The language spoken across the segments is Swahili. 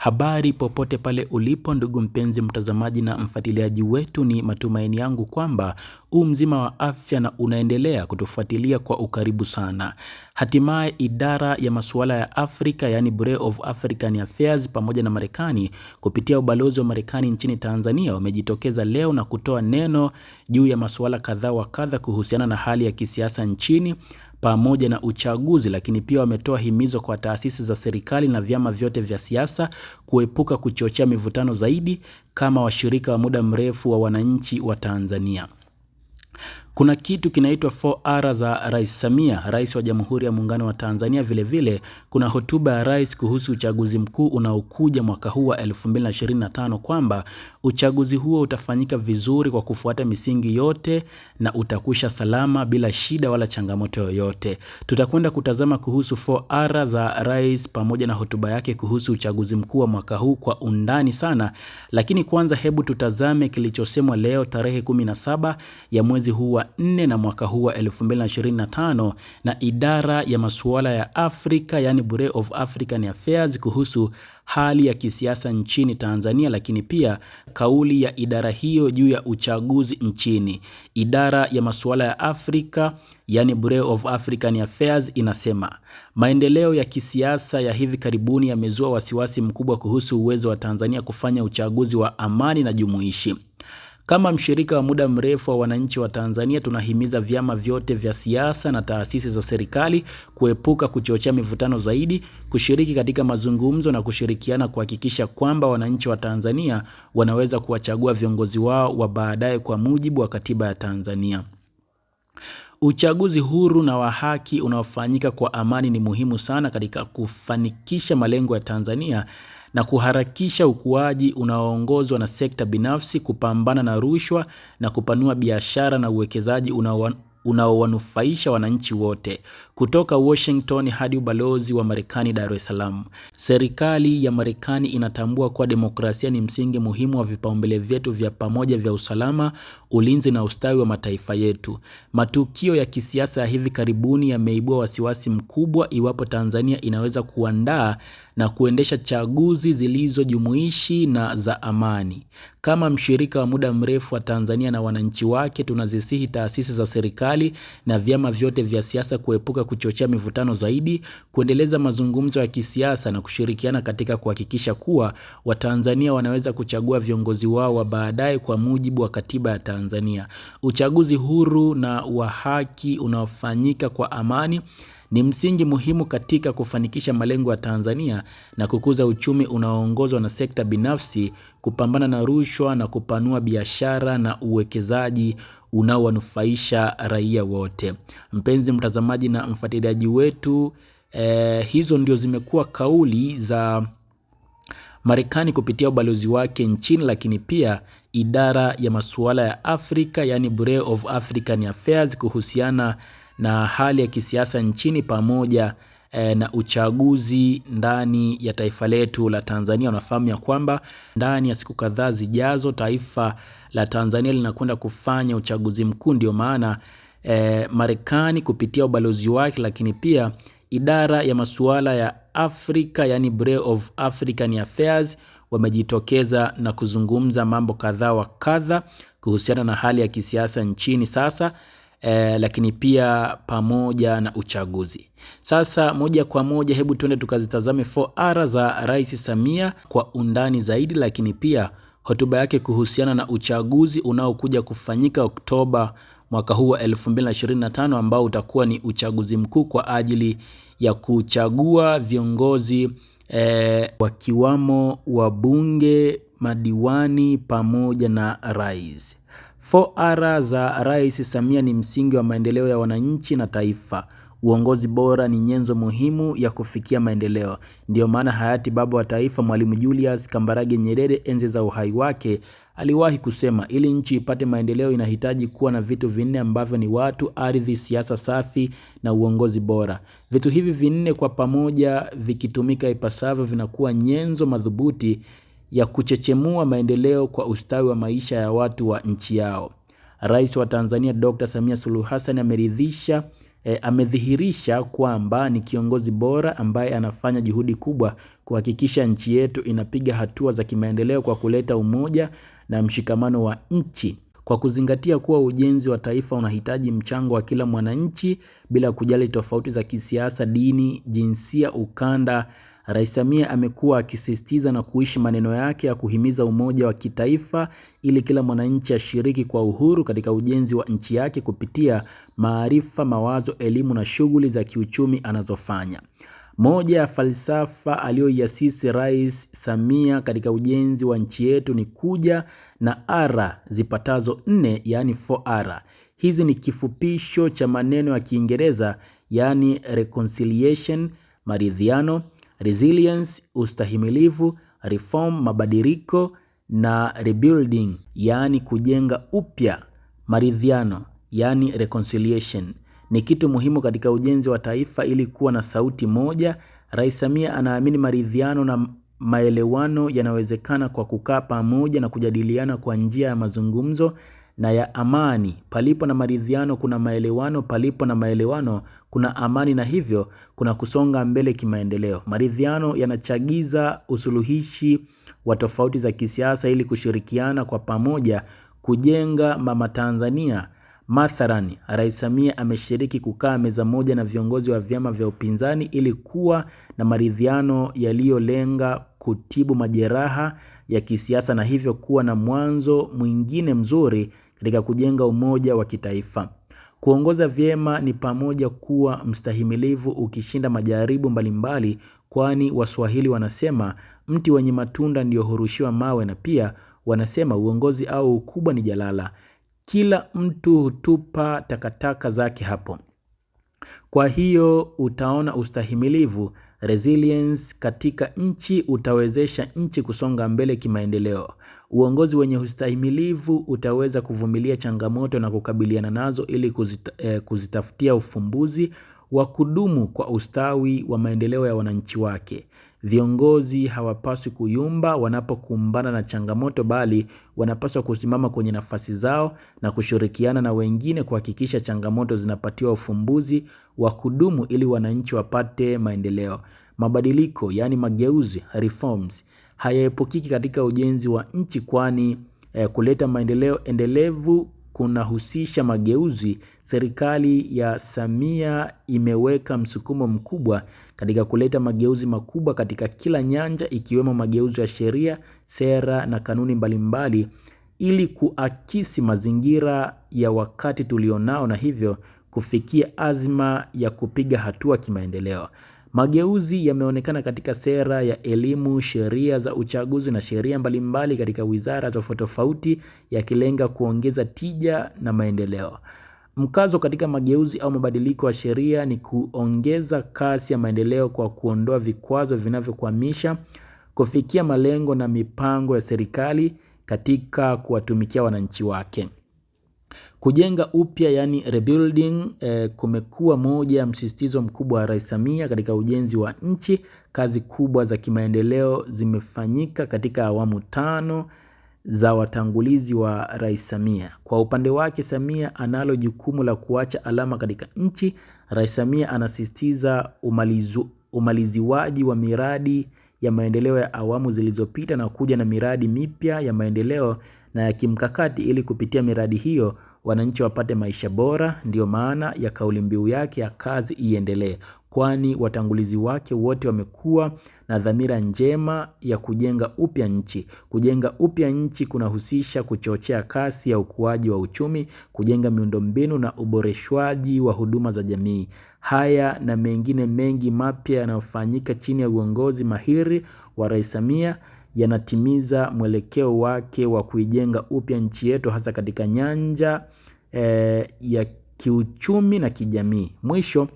Habari popote pale ulipo, ndugu mpenzi mtazamaji na mfuatiliaji wetu, ni matumaini yangu kwamba u mzima wa afya na unaendelea kutufuatilia kwa ukaribu sana. Hatimaye idara ya masuala ya Afrika yani Bureau of African Affairs pamoja na Marekani kupitia ubalozi wa Marekani nchini Tanzania wamejitokeza leo na kutoa neno juu ya masuala kadha wa kadha kuhusiana na hali ya kisiasa nchini pamoja na uchaguzi, lakini pia wametoa himizo kwa taasisi za serikali na vyama vyote vya siasa kuepuka kuchochea mivutano zaidi kama washirika wa muda mrefu wa wananchi wa Tanzania. Kuna kitu kinaitwa 4R za Rais Samia, rais wa Jamhuri ya Muungano wa Tanzania. Vilevile vile, kuna hotuba ya rais kuhusu uchaguzi mkuu unaokuja mwaka huu wa 2025 kwamba uchaguzi huo utafanyika vizuri kwa kufuata misingi yote na utakusha salama bila shida wala changamoto yoyote. Tutakwenda kutazama kuhusu 4R za rais pamoja na hotuba yake kuhusu uchaguzi mkuu wa mwaka huu kwa undani sana, lakini kwanza hebu tutazame kilichosemwa leo tarehe 17 ya mwezi huu wa nne na mwaka huu wa 2025 na idara ya masuala ya Afrika yani Bureau of African Affairs kuhusu hali ya kisiasa nchini Tanzania, lakini pia kauli ya idara hiyo juu ya uchaguzi nchini. Idara ya masuala ya Afrika yani Bureau of African Affairs inasema maendeleo ya kisiasa ya hivi karibuni yamezua wasiwasi mkubwa kuhusu uwezo wa Tanzania kufanya uchaguzi wa amani na jumuishi. Kama mshirika wa muda mrefu wa wananchi wa Tanzania, tunahimiza vyama vyote vya siasa na taasisi za serikali kuepuka kuchochea mivutano zaidi, kushiriki katika mazungumzo na kushirikiana kuhakikisha kwamba wananchi wa Tanzania wanaweza kuwachagua viongozi wao wa baadaye kwa mujibu wa katiba ya Tanzania. Uchaguzi huru na wa haki unaofanyika kwa amani ni muhimu sana katika kufanikisha malengo ya Tanzania na kuharakisha ukuaji unaoongozwa na sekta binafsi, kupambana na rushwa na kupanua biashara na uwekezaji unaowanufaisha wananchi wote. Kutoka Washington hadi ubalozi wa Marekani Dar es Salaam. Serikali ya Marekani inatambua kuwa demokrasia ni msingi muhimu wa vipaumbele vyetu vya pamoja vya usalama, ulinzi na ustawi wa mataifa yetu. Matukio ya kisiasa ya hivi karibuni yameibua wasiwasi mkubwa iwapo Tanzania inaweza kuandaa na kuendesha chaguzi zilizojumuishi na za amani. Kama mshirika wa muda mrefu wa Tanzania na wananchi wake, tunazisihi taasisi za serikali na vyama vyote vya siasa kuepuka kuchochea mivutano zaidi, kuendeleza mazungumzo ya kisiasa na kushirikiana katika kuhakikisha kuwa Watanzania wanaweza kuchagua viongozi wao wa baadaye kwa mujibu wa katiba ya Tanzania. Uchaguzi huru na wa haki unaofanyika kwa amani ni msingi muhimu katika kufanikisha malengo ya Tanzania na kukuza uchumi unaoongozwa na sekta binafsi, kupambana na rushwa na kupanua biashara na uwekezaji unaowanufaisha raia wote. Mpenzi mtazamaji na mfuatiliaji wetu Eh, hizo ndio zimekuwa kauli za Marekani kupitia ubalozi wake nchini, lakini pia idara ya masuala ya Afrika yani Bureau of African Affairs kuhusiana na hali ya kisiasa nchini pamoja eh, na uchaguzi ndani ya taifa letu la Tanzania. Unafahamu ya kwamba ndani ya siku kadhaa zijazo taifa la Tanzania linakwenda kufanya uchaguzi mkuu, ndio maana eh, Marekani kupitia ubalozi wake lakini pia idara ya masuala ya Afrika yani Bureau of African Affairs wamejitokeza na kuzungumza mambo kadha wa kadha kuhusiana na hali ya kisiasa nchini sasa eh, lakini pia pamoja na uchaguzi. Sasa moja kwa moja, hebu tuende tukazitazame 4R za Rais Samia kwa undani zaidi, lakini pia hotuba yake kuhusiana na uchaguzi unaokuja kufanyika Oktoba mwaka huu wa 2025 ambao utakuwa ni uchaguzi mkuu kwa ajili ya kuchagua viongozi eh, wakiwamo wabunge, madiwani pamoja na rais. 4R za Rais Samia ni msingi wa maendeleo ya wananchi na taifa. Uongozi bora ni nyenzo muhimu ya kufikia maendeleo. Ndiyo maana hayati baba wa taifa Mwalimu Julius Kambarage Nyerere enzi za uhai wake Aliwahi kusema ili nchi ipate maendeleo inahitaji kuwa na vitu vinne ambavyo ni watu, ardhi, siasa safi na uongozi bora. Vitu hivi vinne kwa pamoja vikitumika ipasavyo vinakuwa nyenzo madhubuti ya kuchechemua maendeleo kwa ustawi wa maisha ya watu wa nchi yao. Rais wa Tanzania Dr. Samia Suluhu Hassan ameridhisha E, amedhihirisha kwamba ni kiongozi bora ambaye anafanya juhudi kubwa kuhakikisha nchi yetu inapiga hatua za kimaendeleo kwa kuleta umoja na mshikamano wa nchi kwa kuzingatia kuwa ujenzi wa taifa unahitaji mchango wa kila mwananchi bila kujali tofauti za kisiasa, dini, jinsia, ukanda. Rais Samia amekuwa akisisitiza na kuishi maneno yake ya kuhimiza umoja wa kitaifa ili kila mwananchi ashiriki kwa uhuru katika ujenzi wa nchi yake kupitia maarifa, mawazo, elimu na shughuli za kiuchumi anazofanya. Moja ya falsafa aliyoiasisi Rais Samia katika ujenzi wa nchi yetu ni kuja na ara zipatazo nne, yaani 4R. Hizi ni kifupisho cha maneno ya Kiingereza yani reconciliation, maridhiano, resilience, ustahimilivu, reform, mabadiliko na rebuilding, yaani kujenga upya. Maridhiano, yani reconciliation ni kitu muhimu katika ujenzi wa taifa ili kuwa na sauti moja. Rais Samia anaamini maridhiano na maelewano yanawezekana kwa kukaa pamoja na kujadiliana kwa njia ya mazungumzo na ya amani. Palipo na maridhiano kuna maelewano, palipo na maelewano kuna amani, na hivyo kuna kusonga mbele kimaendeleo. Maridhiano yanachagiza usuluhishi wa tofauti za kisiasa ili kushirikiana kwa pamoja kujenga mama Tanzania Mathalani, Rais Samia ameshiriki kukaa meza moja na viongozi wa vyama vya upinzani ili kuwa na maridhiano yaliyolenga kutibu majeraha ya kisiasa na hivyo kuwa na mwanzo mwingine mzuri katika kujenga umoja wa kitaifa. Kuongoza vyema ni pamoja kuwa mstahimilivu ukishinda majaribu mbalimbali, kwani Waswahili wanasema mti wenye matunda ndio hurushiwa mawe, na pia wanasema uongozi au ukubwa ni jalala kila mtu hutupa takataka zake hapo. Kwa hiyo utaona ustahimilivu resilience katika nchi utawezesha nchi kusonga mbele kimaendeleo. Uongozi wenye ustahimilivu utaweza kuvumilia changamoto na kukabiliana nazo ili kuzita, eh, kuzitafutia ufumbuzi wa kudumu kwa ustawi wa maendeleo ya wananchi wake. Viongozi hawapaswi kuyumba wanapokumbana na changamoto bali wanapaswa kusimama kwenye nafasi zao na kushirikiana na wengine kuhakikisha changamoto zinapatiwa ufumbuzi wa kudumu ili wananchi wapate maendeleo. Mabadiliko yaani mageuzi reforms hayaepukiki katika ujenzi wa nchi kwani eh, kuleta maendeleo endelevu kunahusisha mageuzi, serikali ya Samia imeweka msukumo mkubwa katika kuleta mageuzi makubwa katika kila nyanja ikiwemo mageuzi ya sheria, sera na kanuni mbalimbali ili kuakisi mazingira ya wakati tulionao na hivyo kufikia azma ya kupiga hatua kimaendeleo. Mageuzi yameonekana katika sera ya elimu, sheria za uchaguzi na sheria mbalimbali katika wizara tofauti tofauti yakilenga kuongeza tija na maendeleo. Mkazo katika mageuzi au mabadiliko ya sheria ni kuongeza kasi ya maendeleo kwa kuondoa vikwazo vinavyokwamisha kufikia malengo na mipango ya serikali katika kuwatumikia wananchi wake. Kujenga upya yani rebuilding e, kumekuwa moja ya msisitizo mkubwa wa Rais Samia katika ujenzi wa nchi. Kazi kubwa za kimaendeleo zimefanyika katika awamu tano za watangulizi wa Rais Samia. Kwa upande wake, Samia analo jukumu la kuacha alama katika nchi. Rais Samia anasisitiza umalizu, umaliziwaji wa miradi ya maendeleo ya awamu zilizopita na kuja na miradi mipya ya maendeleo na ya kimkakati ili kupitia miradi hiyo wananchi wapate maisha bora, ndiyo maana ya kauli mbiu yake ya kazi iendelee, kwani watangulizi wake wote wamekuwa na dhamira njema ya kujenga upya nchi. Kujenga upya nchi kunahusisha kuchochea kasi ya ukuaji wa uchumi, kujenga miundombinu na uboreshwaji wa huduma za jamii. Haya na mengine mengi mapya yanayofanyika chini ya uongozi mahiri wa Rais Samia yanatimiza mwelekeo wake wa kuijenga upya nchi yetu hasa katika nyanja e, ya kiuchumi na kijamii. Mwisho,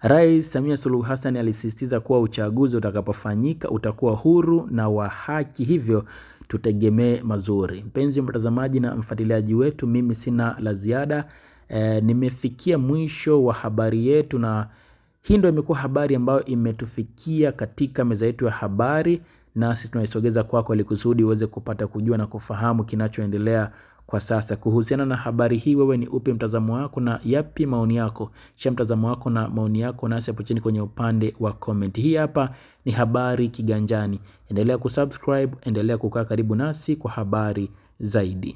Rais Samia Suluhu Hassan alisisitiza kuwa uchaguzi utakapofanyika utakuwa huru na wa haki, hivyo tutegemee mazuri. Mpenzi mtazamaji na mfuatiliaji wetu, mimi sina la ziada. E, nimefikia mwisho wa habari yetu, na hii ndio imekuwa habari ambayo imetufikia katika meza yetu ya habari nasi tunaisogeza kwako ili kusudi uweze kupata kujua na kufahamu kinachoendelea kwa sasa. Kuhusiana na habari hii, wewe ni upi mtazamo wako na yapi maoni yako? Shia mtazamo wako na maoni yako nasi hapo chini kwenye upande wa comment. Hii hapa ni Habari Kiganjani. Endelea kusubscribe, endelea kukaa karibu nasi kwa habari zaidi.